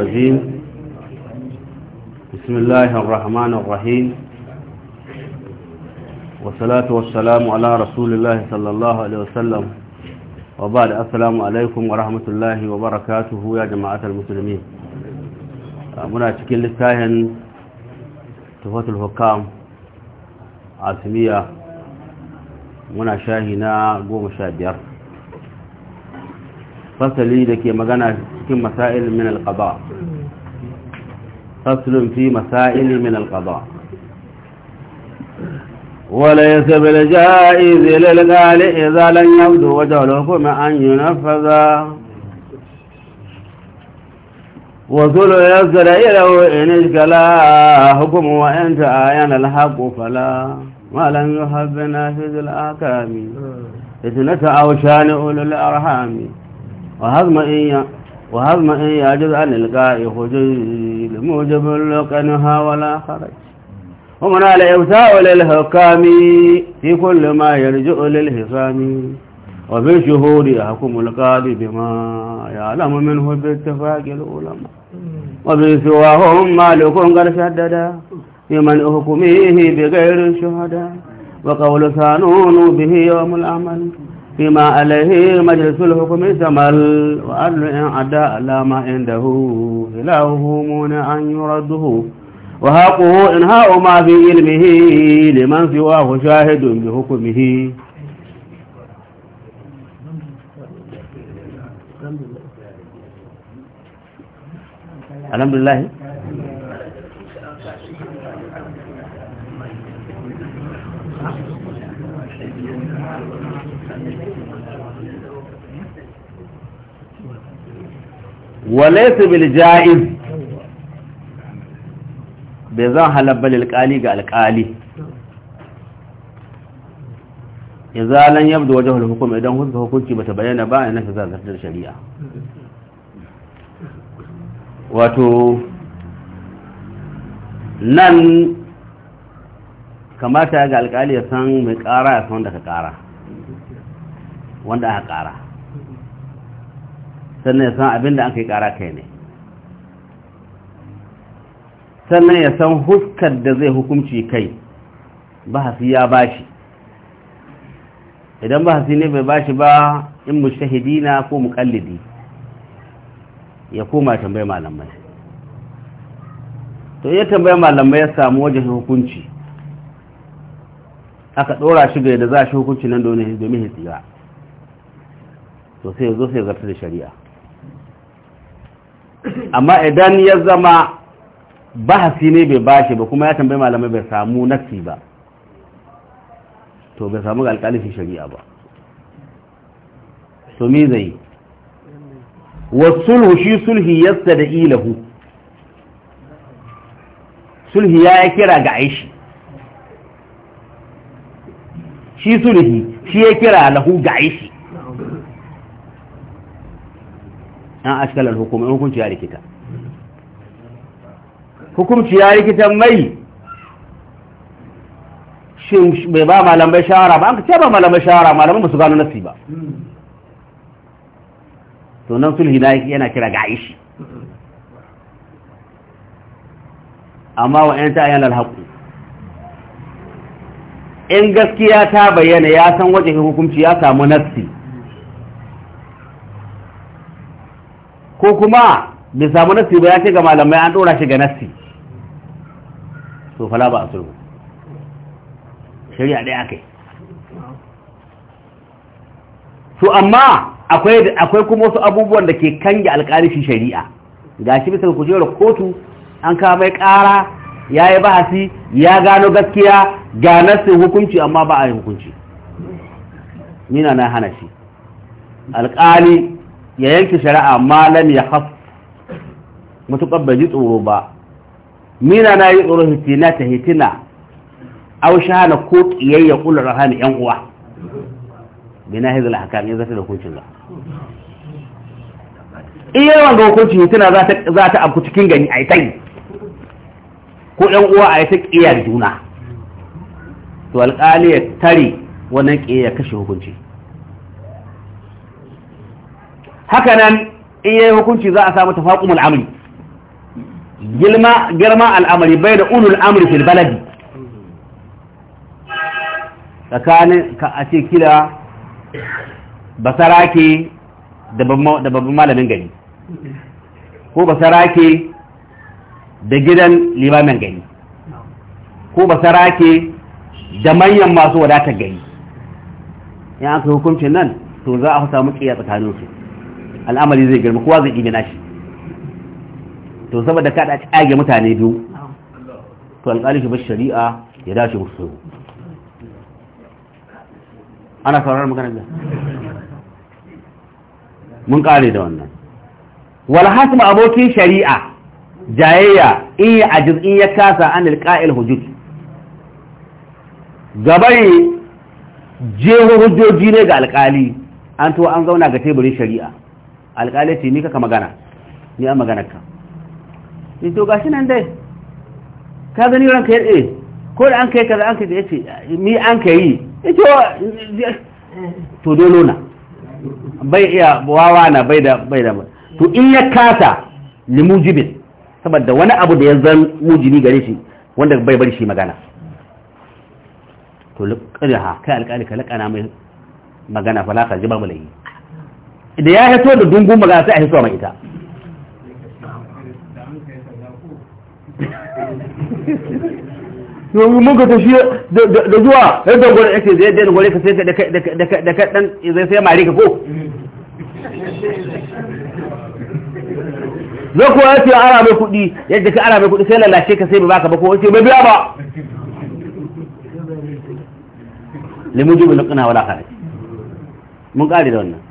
الرجيم بسم الله الرحمن الرحيم والصلاة والسلام على رسول الله صلى الله عليه وسلم وبعد السلام عليكم ورحمة الله وبركاته يا جماعة المسلمين منا تكين لساهن تفوت الحكام عاصمية منا شاهنا قوم شابير فصل da ke magana cikin masail min alqada faslun fi masail min alqada وليس بالجائز للقال إذا لم يبدو وجه الحكم أن ينفذ وصل يسر إله إن اشكلا حكم وإن تعاين الحق فلا ما لم يحب نافذ الآكام اثنة أو شانئ للأرحام وهضم إيا وهضم إيا جزءا عن القاء لموجب موجب لقنها ولا خرج ومن على إبتاء للحكام في كل ما يرجع للحصام وفي الشهور يحكم القاضي بما يعلم منه باتفاق العلماء وفي سواهم مالك قد شددا لمن أحكمه بغير الشهداء وقول ثانون به يوم العمل فيما عليه مجلس الحكم سمل وأن إن عدا لا ما عنده إلهه مون أن يرده وهاقه إنهاء ما في علمه لمن سواه شاهد بحكمه الحمد لله Thank you. walaisa bil ja'iz bai zan halabba lilkali ga alkali izalan yabda wajen hukum idan hukunci hukunci ta bayyana ba a nasa zartar shari'a wato nan kamata ga alkali ya san mai kara ya san da ka kara wanda aka kara sannan ya san abin da aka yi kara kai ne sannan ya san huskar da zai hukunci kai ba hasi ya bashi idan ba hasi ne bai bashi ba in mu shahidina ko kallidi ya koma tambayi malamai to ya tambayi malamai ya samu wajen hukunci aka ɗora shi ga yadda za shi hukunci nan domin hitsira to sai zo sai zartar da shari'a amma idan ya zama bahasi ne bai bashi ba kuma ya tambayi malamai bai samu nafsi ba to bai samu ga alƙalifin shari'a ba to me zai yi. sulhu shi sulhi yasta da ilahu sulhi ya kira ga aishi shi sulhi shi ya kira lahu ga aishi an hukuma, in hukunci ya rikita hukunci ya rikita mai shin bai ba malamai shawara ba an ka ce ba malamai shawara malamai ba su gano nasi ba to nan sulhi yana kira ga aishi amma wa ‘yan ta'ayyar alhaƙu in gaskiya ta bayyana ya san wajen hukunci ya samu nasi ko kuma bai samu nassi ba ya ce ga malamai an dora shi ga nassi to fala ba a sulhu shari'a ɗaya kai. to amma akwai kuma wasu abubuwan da ke kange alƙalifi shari'a gashi bisa kujerar kotu an kama mai ƙara ya yi bahasi ya gano gaskiya ga nassin hukunci amma ba a yi hukunci nina na hana shi alƙali ya yanke shari'a malam ya haf mutuƙar bai ji tsoro ba mina na yi tsoro hitina ta hitina au shahana ko ƙiyayya ƙular rahani yan uwa bina hizal hakam ya zata da hukuncin za iya ga hukuncin hitina za ta abu cikin gani a yi ko yan uwa a yi ta ƙiyar juna to alƙali ya tare wannan ƙiyayya kashe hukuncin. haka nan in yayi hukunci za a samu tafaqumul amri girma girma al'amari bai da ulul amri fil baladi tsakanin ka a ce kila basarake da babban malamin gari ko basarake da gidan limamin gari ko basarake da manyan masu wadatar gari in aka hukuncin nan to za a samu kiyaye tsakaninsu al'amari zai girma kowa zai iya nashi to saboda kada a age mutane biyu to alƙali shi bar shari'a ya dace musu ana sauraron magana da mun kare da wannan hasma abokin shari'a jayayya in ya ajiz in ya kasa an alƙa'il hujud gabai jehu hujjoji ne ga alƙali an to an zauna ga teburin shari'a alƙali ce ni kaka magana ni a magana ka ni to gashi nan dai ka gani ranka ya ɗaya ko da an kai kaza an kai ya ce ni an ka yi ito to dolo na bai iya wawa na bai da bai da to in ya kasa limujibin saboda wani abu da ya zan mujibi gare shi wanda bai bar shi magana to lukkariha kai alƙali ka laƙana mai magana fa la ka ji ba da ya hito da dungun magana sai a hito mai ita yau mun ka tafi da zuwa yadda gwada yake zai da gwada ka sai da ka dan zai sai mari ka ko zai kuwa yace ara mai kuɗi yadda ka ara mai kuɗi sai lalace ka sai ba baka ba ko wace ba biya ba limujibu na kana wala kare mun kare da wannan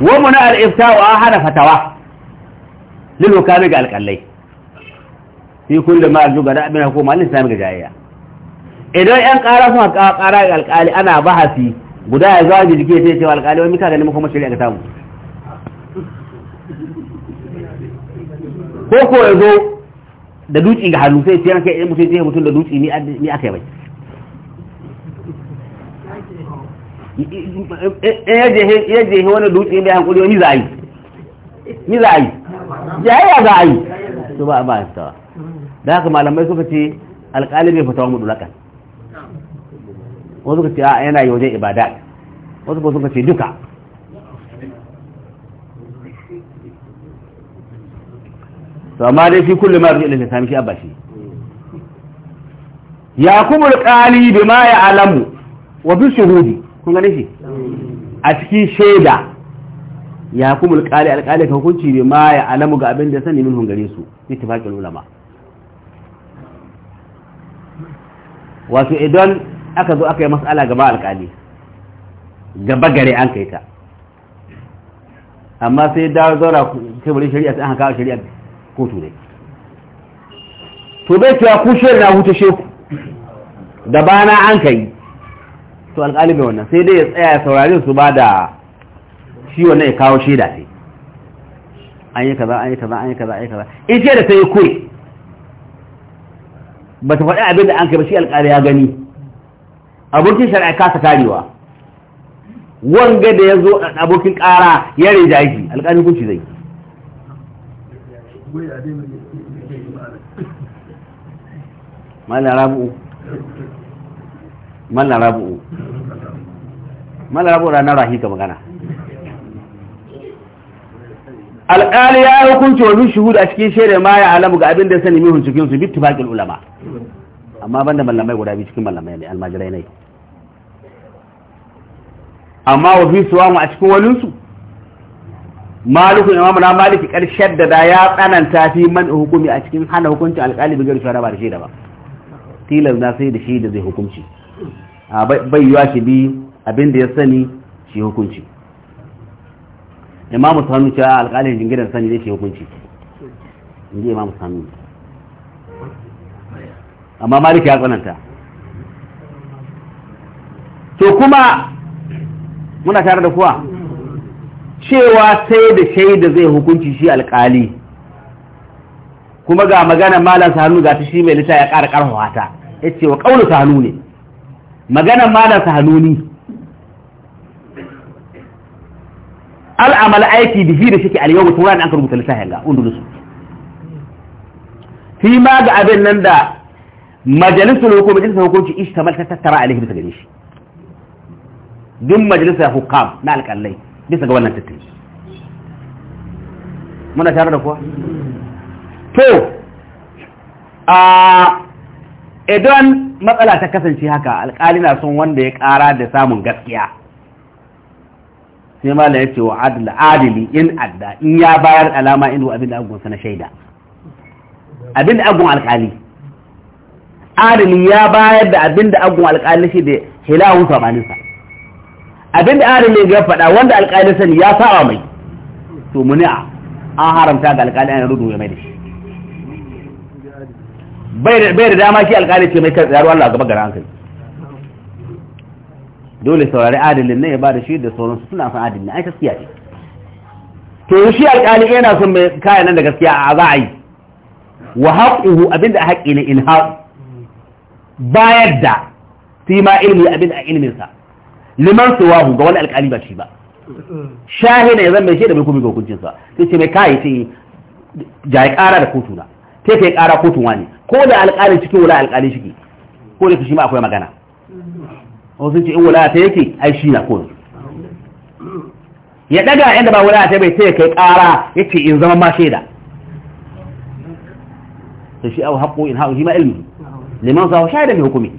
wa muna al-ifta'u a hana fatawa lil ga alƙalai fi kulli ma arjuga da abin hukuma lil sami ga jayayya idan yan ƙara suna ƙara ga alƙali ana bahasi guda ya zuwa ji jike sai cewa a wani ka ganin kuma shari'a ga samu ko ko ya zo da dutsi ga hannu sai ce ranka idan mutum ni aka bai Eh, ya je wani dutse mai hankuri wani za a yi ni za a yi jayayya za a yi su ba a ba fitawa da haka malamai suka ce alƙali bai fitawa mu dulakan wasu suka ce a yana yi wajen ibada wasu ba suka ce duka to amma dai fi kullum ma rujin da sami shi abba shi ya kuma alƙali bi ma ya alamu wa bi shuhudi kun gane shi a cikin shaida ya kuma alƙali alƙali ka hukunci ne ma ya alamu ga abin da sani min hungare su ittifaqul ulama wato idan aka zo aka yi mas'ala gaba alƙali gaba gare an kai ta amma sai da zaura teburin shari'a sai an kawo shari'a kotu ne to bai cewa ku shari'a huta sheku da bana an kai to alƙalin mai wannan sai dai ya tsaya ya saurari su ba da shi wannan ya kawo shaida sai an yi kaza an yi kaza an yi kaza an yi kaza in ce da sai ya kuri ba ta faɗi abin da an kai ba shi alƙali ya gani abokin shari'a kasa karewa wanga da ya zo abokin ƙara ya rinja aiki alƙali hukunci zai mallan rabu'u malarabu rana rahi ka magana alƙali ya yi hukunci wani shuhudu a cikin shaidar ma ya alamu ga abin da ya sani mihun cikin su bitti baƙin ulama amma ban da mallamai guda biyu cikin mallamai ne almajirai ne amma wa fi suwa mu a cikin walinsu malikun imamu na maliki ƙarshen da da ya tsananta fi man hukumi a cikin hana hukuncin alƙali bigar shara ba da shaida ba tilas na sai da shaida zai hukunci a bai yiwa shi bi abin da ya sani shi hukunci imamu sanu cewa alƙalin jingirar sani zai shi hukunci inji imamu sanu amma maliki ya tsananta to kuma muna tare da kuwa cewa sai da shaida zai hukunci shi alƙali kuma ga magana malam sanu ga ta shi mai lita ya ƙara ƙarfafa ta ya ce wa ƙaunar sanu ne maganan malam sanu ne al'amal aiki bihi da shi ke al-yawm turan an rubuta littafin ga undulus fi ma ga abin nan da majalisar hukumar majalisul hukum ishi ishtamal ta tattara alaihi bisa gare shi din majalisar hukam na alƙallai bisa ga wannan tattali muna tare da kuwa to a idan matsala ta kasance haka alƙali na son wanda ya ƙara da samun gaskiya sai malam ya ce wa adil adili in adda in ya bayar alama inu abin da agun na shaida abin da agun alkali adili ya bayar da abin da agun alkali shi da hilahun sa abin da adili ya faɗa wanda alkali sani ya sawa mai to muni'a an haramta ga alkali an rudu ya mai da shi bai da dama shi alkali ce mai kar tsayarwa Allah gaba gara hankali dole saurari adalin nan ya ba da shi da sauransu suna son adalin ai gaskiya ce to shi alƙali yana son mai kaya nan da gaskiya a za a yi wa haƙuhu abinda a haƙi ne in bayar da fi ma ilmi abinda a ilminsa liman suwahu ga wani alƙali ba shi ba shahina ya zama shi da mai kuma ga hukuncinsa sai ce mai kayi ce ya ƙara da kotuna sai ka ƙara kotu wani ko da alƙali cikin wula alƙali shi ko da shi ma akwai magana wasu ce in wulaya ta yake ai shi na ko ya daga inda ba wulaya ta bai sai kai kara yake in zama ma shaida to shi au haqqu in haqqi ma ilmi liman sa shaida mai hukumi